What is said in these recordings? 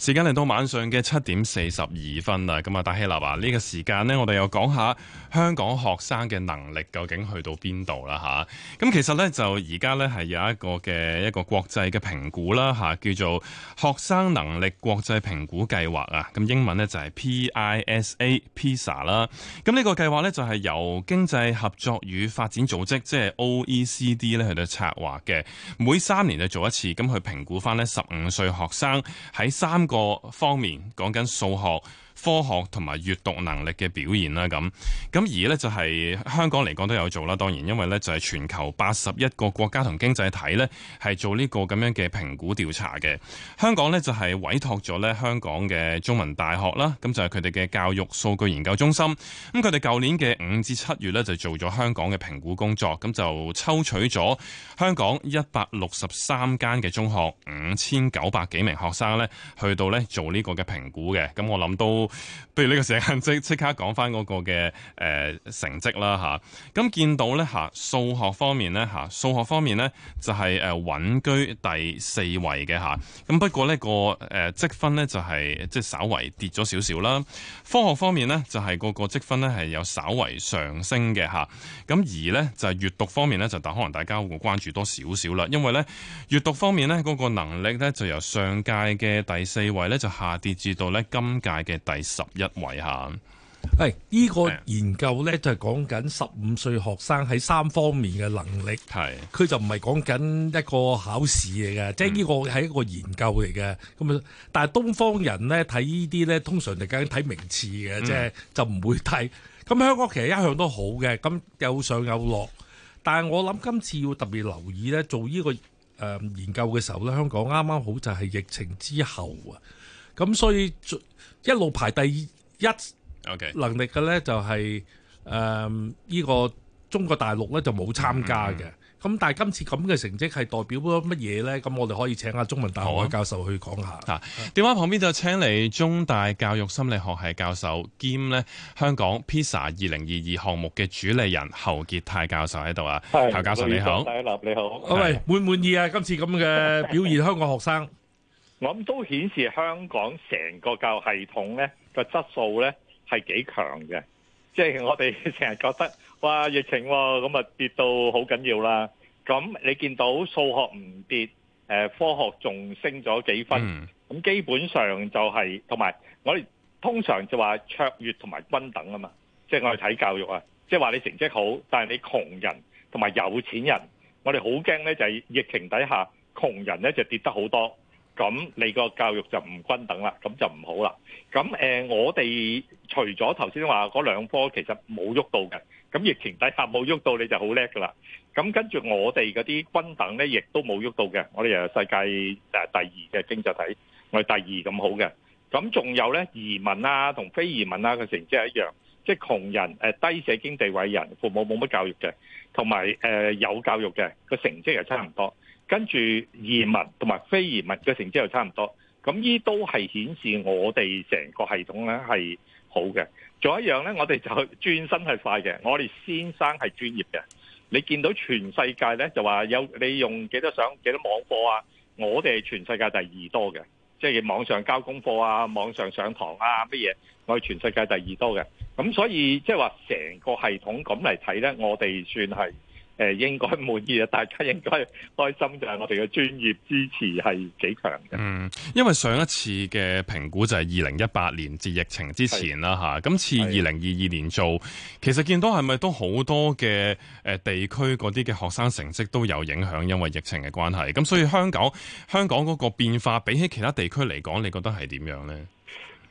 時間嚟到晚上嘅七點四十二分啦，咁啊，大希娜啊，呢個時間呢，我哋又講下香港學生嘅能力究竟去到邊度啦吓，咁其實呢，就而家呢，係有一個嘅一個國際嘅評估啦吓，叫做學生能力國際評估計劃啊，咁英文呢，就係 PISA，PISA 啦。咁呢個計劃呢，就係由經濟合作與發展組織，即係 OECD 咧去到策劃嘅，每三年就做一次，咁去評估翻呢，十五歲學生喺三個方面，講緊數學科學同埋閱讀能力嘅表現啦，咁咁而呢、就係，就係香港嚟講都有做啦。當然，因為呢，就係全球八十一個國家同經濟體呢係做呢個咁樣嘅評估調查嘅。香港呢，就係委託咗呢香港嘅中文大學啦，咁就係佢哋嘅教育數據研究中心。咁佢哋舊年嘅五至七月呢，就做咗香港嘅評估工作，咁就抽取咗香港一百六十三間嘅中學五千九百幾名學生呢，去到呢做呢個嘅評估嘅。咁我諗都。不如呢個時間即即刻講返嗰個嘅誒、呃、成績啦吓，咁、啊、見到咧吓數學方面咧吓數學方面咧就係誒穩居第四位嘅吓，咁、啊、不過呢、那個誒積、呃、分咧就係即係稍微跌咗少少啦。科學方面咧就係、是、個個積分咧係有稍微上升嘅吓，咁、啊、而呢，就係、是、閱讀方面咧就可能大家會關注多少少啦，因為咧閱讀方面咧嗰、那個能力咧就由上屆嘅第四位咧就下跌至到咧今屆嘅第。十一位下，哎，係、這、呢個研究呢，就係講緊十五歲學生喺三方面嘅能力，係佢是的 就唔係講緊一個考試嚟嘅，即係呢個係一個研究嚟嘅。咁啊，但係東方人呢，睇呢啲呢，通常就梗睇名次嘅即啫，嗯，就唔會睇。咁香港其實一向都好嘅，咁有上有落，但係我諗今次要特別留意呢，做呢，這個誒、呃、研究嘅時候呢，香港啱啱好就係疫情之後啊。咁所以一路排第一能力嘅咧，就係誒呢個中國大陸咧就冇參加嘅。咁、嗯、但係今次咁嘅成績係代表咗乜嘢咧？咁我哋可以請下中文大學嘅教授去講下、啊啊。電話旁邊就請嚟中大教育心理學系教授兼咧香港 PISA 二零二二項目嘅主理人侯傑泰教授喺度啊。侯是教授以你好，你好。好吧，喂是滿唔滿意啊？今次咁嘅表現 香港學生。我諗都顯示香港成個教育系統咧個質素咧係幾強嘅，即係、就是、我哋成日覺得哇疫情喎、哦，咁啊跌到好緊要啦。咁你見到數學唔跌、呃，科學仲升咗幾分，咁、嗯、基本上就係同埋我哋通常就話卓越同埋均等啊嘛。即、就、係、是、我哋睇教育啊，即係話你成績好，但係你窮人同埋有、有錢人，我哋好驚咧，就係、是、疫情底下窮人咧就跌得好多。咁你個教育就唔均等啦，咁就唔好啦。咁誒，我哋除咗頭先話嗰兩科，其實冇喐到嘅。咁疫情底下冇喐到，你就好叻噶啦。咁跟住我哋嗰啲均等咧，亦都冇喐到嘅。我哋誒世界誒第二嘅經濟體，我哋係第二咁好嘅。咁仲有咧移民啊，同非移民啊嘅成績係一樣，即係窮人誒低社經地位人，父母冇乜教育嘅，同埋誒有教育嘅個成績係差唔多。跟住移民同埋非移民嘅成績又差唔多，咁呢都係顯示我哋成個系統咧係好嘅。仲有一樣咧，我哋就轉身係快嘅，我哋先生係專業嘅。你見到全世界咧就話有你用幾多上幾多網課啊？我哋全世界第二多嘅，即係網上交功課啊，網上上堂啊，乜嘢我哋全世界第二多嘅。咁所以即係話成個系統咁嚟睇咧，我哋算係。誒應該滿意啊！大家應該開心就係、是、我哋嘅專業支持係幾強嘅。嗯，因為上一次嘅評估就係二零一八年至疫情之前啦，嚇今的次二零二二年做，的其實見到係咪都好多嘅誒地區嗰啲嘅學生成績都有影響，因為疫情嘅關係。咁所以香港香港嗰個變化比起其他地區嚟講，你覺得係點樣呢？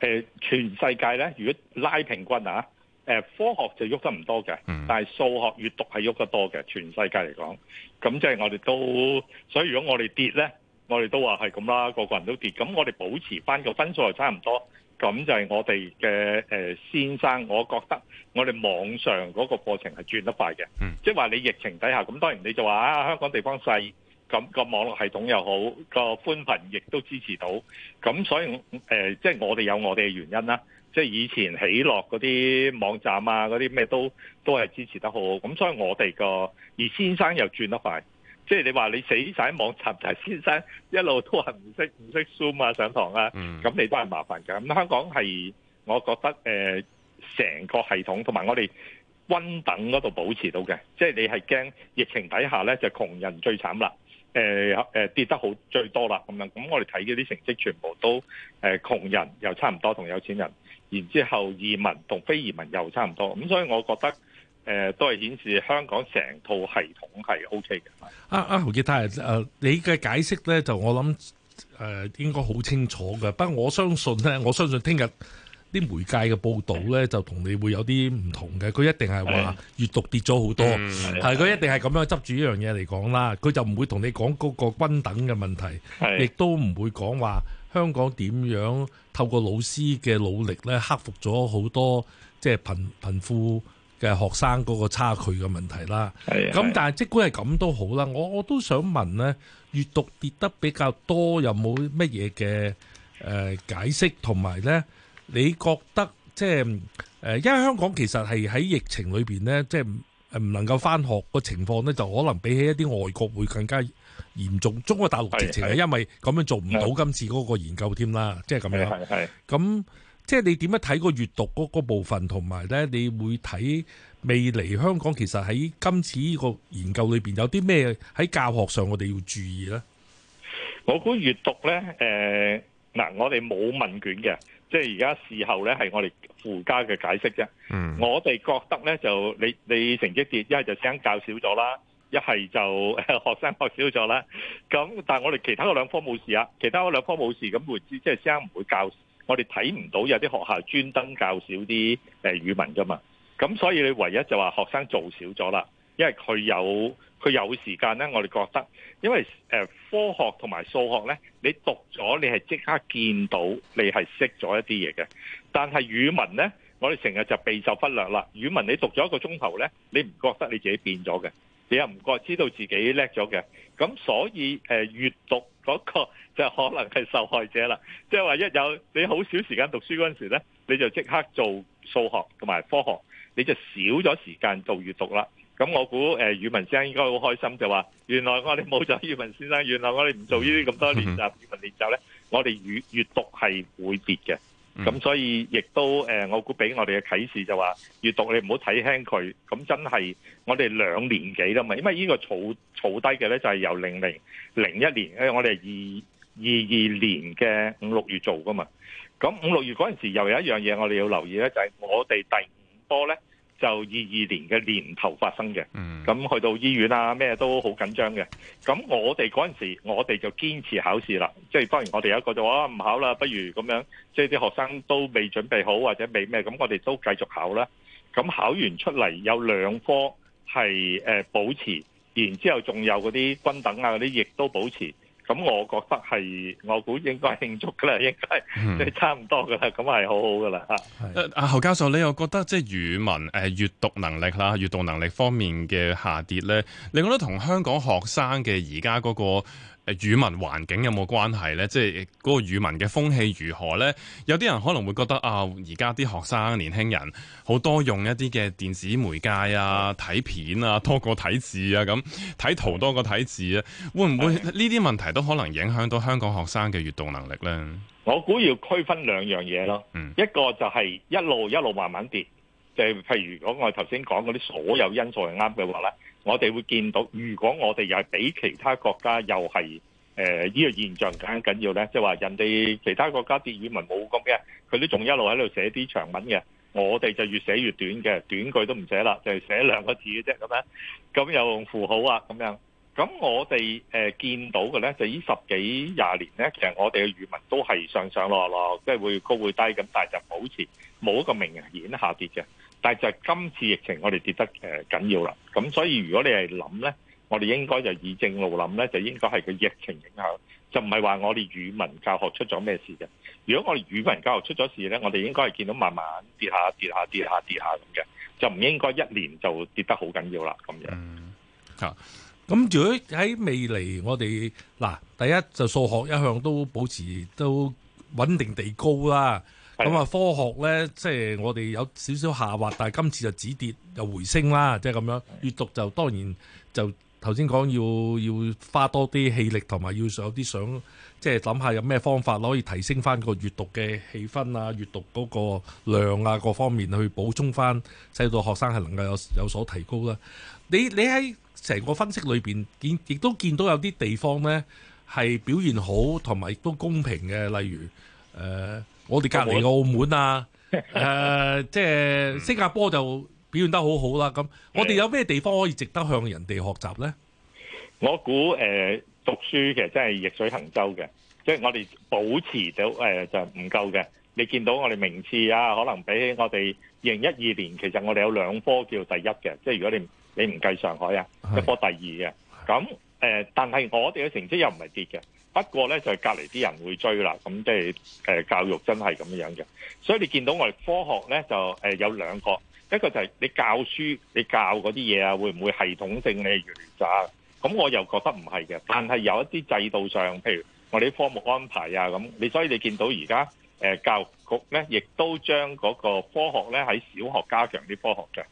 誒、呃，全世界呢，如果拉平均啊？誒科學就喐得唔多嘅，但係數學閱讀係喐得多嘅，全世界嚟講，咁即係我哋都，所以如果我哋跌咧，我哋都話係咁啦，個個人都跌，咁我哋保持翻個分數就差唔多，咁就係我哋嘅誒先生，我覺得我哋網上嗰個過程係轉得快嘅，即係話你疫情底下，咁當然你就話啊，香港地方細，咁個網絡系統又好，個寬頻亦都支持到，咁所以誒，即係我哋有我哋嘅原因啦。即係以前起落嗰啲網站啊，嗰啲咩都都係支持得好好。咁所以我哋個而先生又轉得快。即係你話你死晒網站但係先生一路都係唔識唔識 Zoom 啊，上堂啊。咁你都係麻煩㗎。咁香港係我覺得誒成、呃、個系統同埋我哋均等嗰度保持到嘅。即係你係驚疫情底下咧就窮人最慘啦。誒、呃呃、跌得好最多啦咁樣咁我哋睇嘅啲成績全部都誒、呃、窮人又差唔多同有錢人。然之後，移民同非移民又差唔多，咁所以我覺得誒都係顯示香港成套系統係 OK 嘅。阿阿侯傑泰誒，你嘅解釋咧就我諗誒應該好清楚嘅，不過我相信咧，我相信聽日啲媒介嘅報道咧就同你會有啲唔同嘅，佢一定係話閱讀跌咗好多，係佢一定係咁樣執住呢樣嘢嚟講啦，佢就唔會同你講嗰個均等嘅問題，亦都唔會講話。香港點樣透過老師嘅努力咧，克服咗好多即係貧貧富嘅學生嗰個差距嘅問題啦。咁是是 但係，即管係咁都好啦，我我都想問呢，閱讀跌得比較多，有冇乜嘢嘅誒解釋？同埋呢，你覺得即係誒，因為香港其實係喺疫情裏邊呢，即係唔能夠返學個情況呢，就可能比起一啲外國會更加。嚴重，中國大陸直情係因為咁樣做唔到今次嗰個研究添啦，即係咁樣。係係咁，即係你點樣睇個閱讀嗰個部分，同埋咧，你會睇未嚟香港，其實喺今次呢個研究裏邊有啲咩喺教學上我哋要注意咧？呃？我估閱讀咧，誒，嗱，我哋冇問卷嘅，即係而家事後咧係我哋附加嘅解釋啫。嗯，我哋覺得咧就你你成績跌，一係就聲較少咗啦。一係就誒學生學少咗啦，咁但係我哋其他嗰兩科冇事啊，其他嗰兩科冇事，咁會知。即係師唔會教，我哋睇唔到有啲學校專登教少啲誒語文㗎嘛，咁所以你唯一就話學生做少咗啦，因為佢有佢有時間咧，我哋覺得，因為誒科學同埋數學咧，你讀咗你係即刻見到你係識咗一啲嘢嘅，但係語文咧，我哋成日就備受忽略啦，語文你讀咗一個鐘頭咧，你唔覺得你自己變咗嘅？你又唔覺知道自己叻咗嘅，咁所以誒，閱讀嗰個就可能係受害者啦。即係話一有你好少時間讀書嗰陣時咧，你就即刻做數學同埋科學，你就少咗時間做閱讀啦。咁我估誒，語文先生應該好開心，就話原來我哋冇咗語文先生，原來我哋唔做呢啲咁多練習，語文練習咧、嗯哼，我哋語閱讀係會跌嘅。咁、嗯、所以亦都誒，我估俾我哋嘅啟示就話閱讀你唔好睇輕佢。咁真係我哋兩年幾啦嘛，因為呢個儲儲低嘅咧就係由零零零一年為我哋係二二二年嘅五六月做噶嘛。咁五六月嗰陣時又有一樣嘢我哋要留意咧，就係、是、我哋第五波咧。就二二年嘅年頭發生嘅，咁去到醫院啊咩都好緊張嘅。咁我哋嗰陣時，我哋就堅持考試啦。即係當然，我哋有一個就話唔、啊、考啦，不如咁樣。即係啲學生都未準備好或者未咩，咁我哋都繼續考啦。咁考完出嚟有兩科係、呃、保持，然之後仲有嗰啲均等啊嗰啲亦都保持。咁我覺得係，我估應該慶祝噶啦，應該即係、嗯、差唔多噶啦，咁係好好噶啦嚇。阿、嗯係呃、侯教授你又覺得即係語文誒、呃、閱讀能力啦、閱讀能力方面嘅下跌咧，你覺得同香港學生嘅而家嗰個語文環境有冇關係呢？即係嗰個語文嘅風氣如何呢？有啲人可能會覺得啊，而家啲學生年輕人好多用一啲嘅電子媒介啊，睇片啊多過睇字啊，咁睇圖多過睇字啊，會唔會呢啲問題都可能影響到香港學生嘅閱讀能力呢？我估要區分兩樣嘢咯，嗯、一個就係一路一路慢慢跌。即係譬如，如果我頭先講嗰啲所有因素係啱嘅話咧，我哋會見到，如果我哋又係比其他國家又係誒呢個現象更緊要咧？即係話人哋其他國家啲語文冇咁嘅，佢都仲一路喺度寫啲長文嘅，我哋就越寫越短嘅，短句都唔寫啦，就係寫兩個字嘅啫咁樣。咁又用符號啊咁樣。咁我哋誒見到嘅咧，就呢十幾廿年咧，其實我哋嘅語文都係上上落落，即係會高會低咁，但係就保持冇一個明顯下跌嘅，但係就係今次疫情，我哋跌得誒緊要啦。咁所以如果你係諗呢，我哋應該就以正路諗呢，就應該係佢疫情影響，就唔係話我哋語文教學出咗咩事嘅。如果我哋語文教學出咗事呢，我哋應該係見到慢慢跌下跌下跌下跌下咁嘅，就唔應該一年就跌得好緊要啦。咁樣吓，咁如果喺未來我哋嗱，第一就數學一向都保持都穩定地高啦。咁啊，科學呢，即係我哋有少少下滑，但係今次就止跌又回升啦，即係咁樣。閱讀就當然就頭先講，要要花多啲氣力，同埋要有啲想，即係諗下有咩方法可以提升翻個閱讀嘅氣氛啊、閱讀嗰個量啊各方面去補充翻，使到學生係能夠有有所提高啦。你你喺成個分析裏面，見，亦都見到有啲地方呢係表現好，同埋亦都公平嘅，例如誒。呃我哋隔離個澳門啊，誒即係新加坡就表現得好好啦。咁我哋有咩地方可以值得向人哋學習咧？我估誒讀書其實真係逆水行舟嘅，即係我哋保持到誒就唔夠嘅。你見到我哋名次啊，可能比起我哋二零一二年，其實我哋有兩科叫第一嘅，即係如果你你唔計上海啊，一科第二嘅。咁誒，但係我哋嘅成績又唔係跌嘅。不過咧，就係、是、隔離啲人會追啦，咁即係誒教育真係咁樣嘅，所以你見到我哋科學咧就誒、呃、有兩個，一個就係你教書，你教嗰啲嘢啊，會唔會系統性你越嚟越渣？咁我又覺得唔係嘅，但係有一啲制度上，譬如我哋啲科目安排啊咁，你所以你見到而家誒教育局咧，亦都將嗰個科學咧喺小學加強啲科學嘅，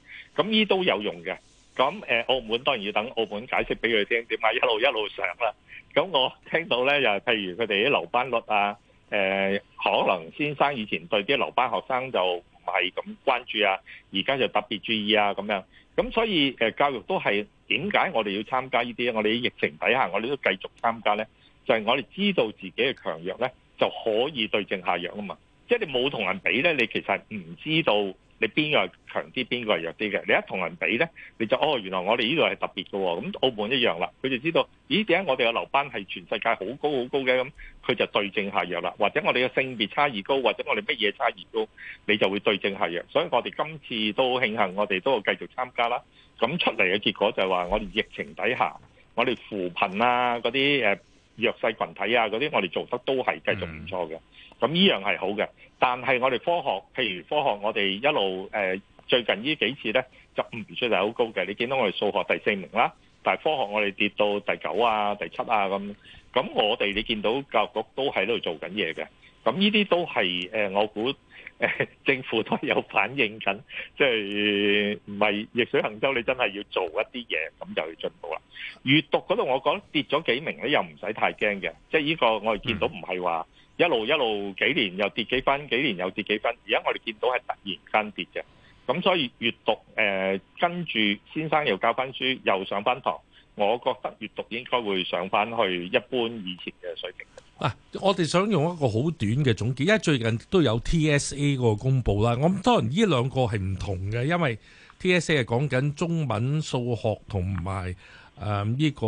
咁呢都有用嘅。咁誒、呃，澳門當然要等澳門解釋俾佢聽，點解一路一路上啦。咁我聽到咧，又譬如佢哋啲留班率啊，誒、呃、可能先生以前對啲留班學生就唔係咁關注啊，而家就特別注意啊咁樣。咁所以誒教育都係點解我哋要參加呢啲？我哋疫情底下，我哋都繼續參加咧，就係、是、我哋知道自己嘅強弱咧，就可以對症下藥啊嘛。即、就、係、是、你冇同人比咧，你其實係唔知道。你邊個係強啲，邊個係弱啲嘅？你一同人比咧，你就哦，原來我哋呢個係特別嘅，咁澳門一樣啦，佢就知道，咦？點解我哋嘅留班係全世界好高好高嘅？咁佢就對症下藥啦，或者我哋嘅性別差異高，或者我哋乜嘢差異高，你就會對症下藥，所以我哋今次都慶幸，我哋都繼續參加啦。咁出嚟嘅結果就係話，我哋疫情底下，我哋扶貧啊嗰啲弱勢羣體啊，嗰啲我哋做得都係繼續唔錯嘅，咁依樣係好嘅。但係我哋科學，譬如科學，我哋一路誒最近依幾次呢，就唔算係好高嘅。你見到我哋數學第四名啦，但係科學我哋跌到第九啊、第七啊咁。咁我哋你見到教育局都喺度做緊嘢嘅。咁呢啲都係誒、呃，我估誒、呃、政府都有反應緊，即係唔係逆水行舟，你真係要做一啲嘢，咁就去進步啦。閱讀嗰度，我講跌咗幾名咧，又唔使太驚嘅，即係呢個我哋見到唔係話一路一路幾年又跌幾分，幾年又跌幾分，而家我哋見到係突然間跌嘅，咁所以閱讀誒、呃、跟住先生又教翻書，又上翻堂，我覺得閱讀應該會上翻去一般以前嘅水平。啊！我哋想用一個好短嘅總結，因為最近都有 TSA 嗰個公佈啦。我諗當然呢兩個係唔同嘅，因為 TSA 係講緊中文數、數學同埋誒呢個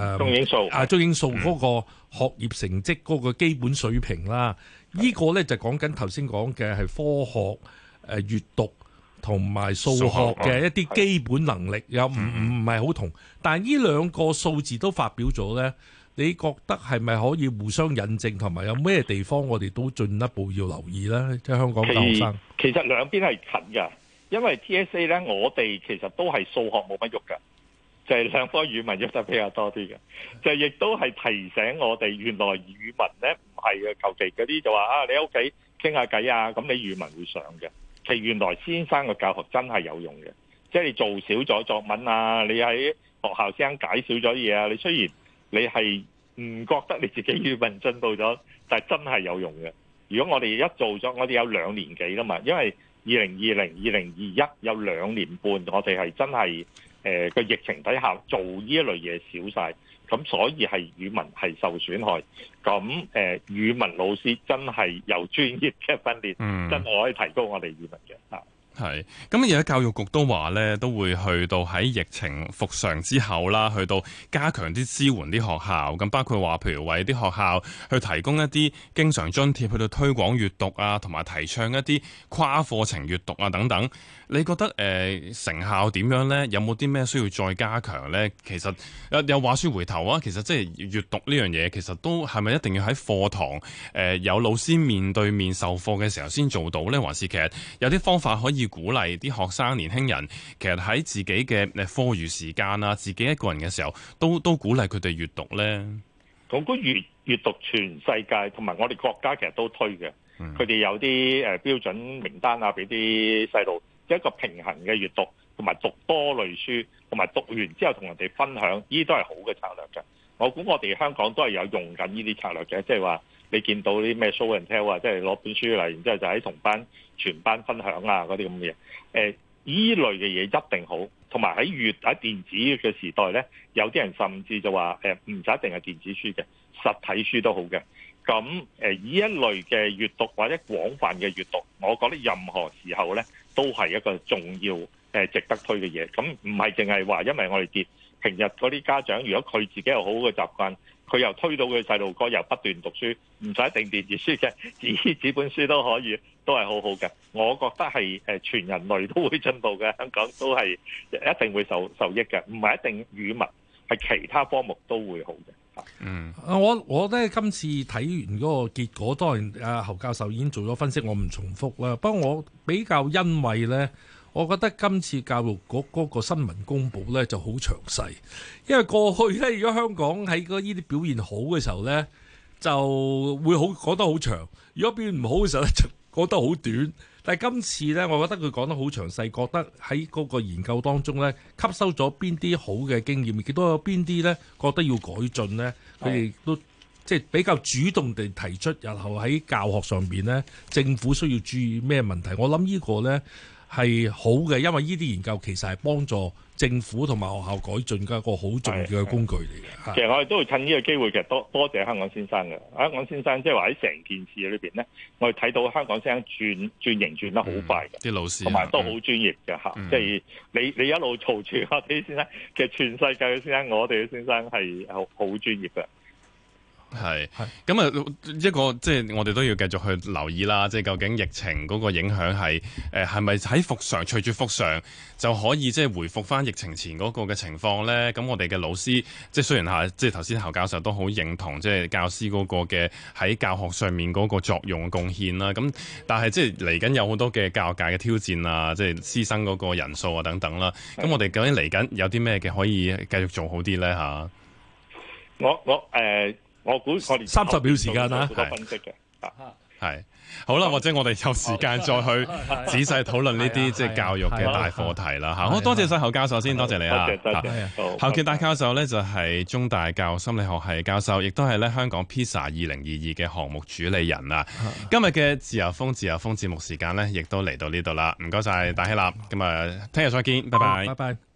誒中英數中英數嗰、啊、個學業成績嗰個基本水平啦。呢、嗯、個呢就講緊頭先講嘅係科學、誒、呃、閱讀同埋數學嘅一啲基本能力，又唔唔係好同。但係呢兩個數字都發表咗呢。你覺得係咪可以互相印證，同埋有咩地方我哋都進一步要留意咧？即係香港嘅學生其，其實兩邊係近㗎，因為 TSA 咧，我哋其實都係數學冇乜喐嘅，就係、是、兩科語文喐得比較多啲嘅，就亦都係提醒我哋原來語文咧唔係嘅，求其嗰啲就話啊，你喺屋企傾下偈啊，咁你語文會上嘅。其實原來先生嘅教學真係有用嘅，即、就、係、是、你做少咗作文啊，你喺學校聲解少咗嘢啊，你雖然。你係唔覺得你自己語文進步咗，但係真係有用嘅。如果我哋一做咗，我哋有兩年幾啦嘛，因為二零二零、二零二一有兩年半，我哋係真係誒個疫情底下做呢一類嘢少晒，咁所以係語文係受損害。咁誒語文老師真係有專業嘅訓練，真係可以提高我哋語文嘅吓。係咁，而家教育局都話咧，都會去到喺疫情復常之後啦，去到加強啲支援啲學校。咁包括話，譬如為啲學校去提供一啲經常津貼，去到推廣閱讀啊，同埋提倡一啲跨課程閱讀啊等等。你覺得誒、呃、成效點樣呢？有冇啲咩需要再加強呢？其實誒有話說回頭啊，其實即係閱讀呢樣嘢，其實都係咪一定要喺課堂誒、呃、有老師面對面授課嘅時候先做到呢？還是其實有啲方法可以鼓勵啲學生年輕人，其實喺自己嘅誒課餘時間啊，自己一個人嘅時候都都鼓勵佢哋閱讀呢？我估閱閱讀全世界同埋我哋國家其實都推嘅，佢哋、嗯、有啲誒、呃、標準名單啊，俾啲細路。一個平衡嘅閱讀，同埋讀多類書，同埋讀完之後同人哋分享，呢都係好嘅策略嘅。我估我哋香港都係有用緊呢啲策略嘅，即係話你見到啲咩 show and tell 啊，即係攞本書嚟，然之後就喺同班全班分享啊嗰啲咁嘅嘢。誒，呢、呃、類嘅嘢一定好，同埋喺越喺電子嘅時代咧，有啲人甚至就話誒唔使一定係電子書嘅，實體書都好嘅。咁誒，呢、呃、一類嘅閱讀或者廣泛嘅閱讀，我覺得任何時候咧，都係一個重要值得推嘅嘢。咁唔係淨係話，因為我哋接平日嗰啲家長，如果佢自己有好好嘅習慣，佢又推到佢細路哥，又不斷讀書，唔使一定電子書嘅，紙紙本書都可以，都係好好嘅。我覺得係全人類都會進步嘅，香港都係一定會受受益嘅，唔係一定語文，係其他科目都會好嘅。嗯，我我咧今次睇完嗰個結果，當然阿侯教授已經做咗分析，我唔重複啦。不過我比較欣慰呢。我覺得今次教育局嗰個新聞公布呢就好詳細，因為過去呢，如果香港喺呢啲表現好嘅時候呢，就會好講得好長；如果表現唔好嘅時候呢，就講得好短。但今次呢，我覺得佢講得好詳細，覺得喺嗰個研究當中呢，吸收咗邊啲好嘅經驗，亦都有邊啲呢覺得要改進呢，佢哋都即係比較主動地提出，日後喺教學上邊呢，政府需要注意咩問題。我諗呢個呢。係好嘅，因為呢啲研究其實係幫助政府同埋學校改進嘅一個好重要嘅工具嚟嘅。其實我哋都會趁呢個機會，其實多多謝香港先生嘅。香港先生即係話喺成件事呢邊咧，我哋睇到香港先生轉，轉型轉得好快嘅，啲、嗯、老師同埋都好專業嘅。即係你你一路嘈住我哋先生，其實全世界嘅先生，我哋嘅先生係好好專業嘅。係，咁啊一個即係、就是，我哋都要繼續去留意啦，即、就、係、是、究竟疫情嗰個影響係誒係咪喺復常，隨住復常就可以即係、就是、回復翻疫情前嗰個嘅情況咧？咁我哋嘅老師，即、就、係、是、雖然吓，即係頭先侯教授都好認同，即、就、係、是、教師嗰個嘅喺教學上面嗰個作用嘅貢獻啦。咁但係即係嚟緊有好多嘅教學界嘅挑戰啊，即係師生嗰個人數啊等等啦。咁我哋究竟嚟緊有啲咩嘅可以繼續做好啲咧？吓，我我誒。呃我估三十秒時間啦，係好啦，或者我哋有時間再去仔細討論呢啲即係教育嘅大課題啦吓。好多謝晒侯教授先，多謝你啊，侯傑泰教授呢，就係中大教育心理學系教授，亦都係咧香港 PISA 二零二二嘅項目主理人啦。今日嘅自由風自由風節目時間呢，亦都嚟到呢度啦。唔該晒，大希啦，咁啊，聽日再見，拜拜，拜拜。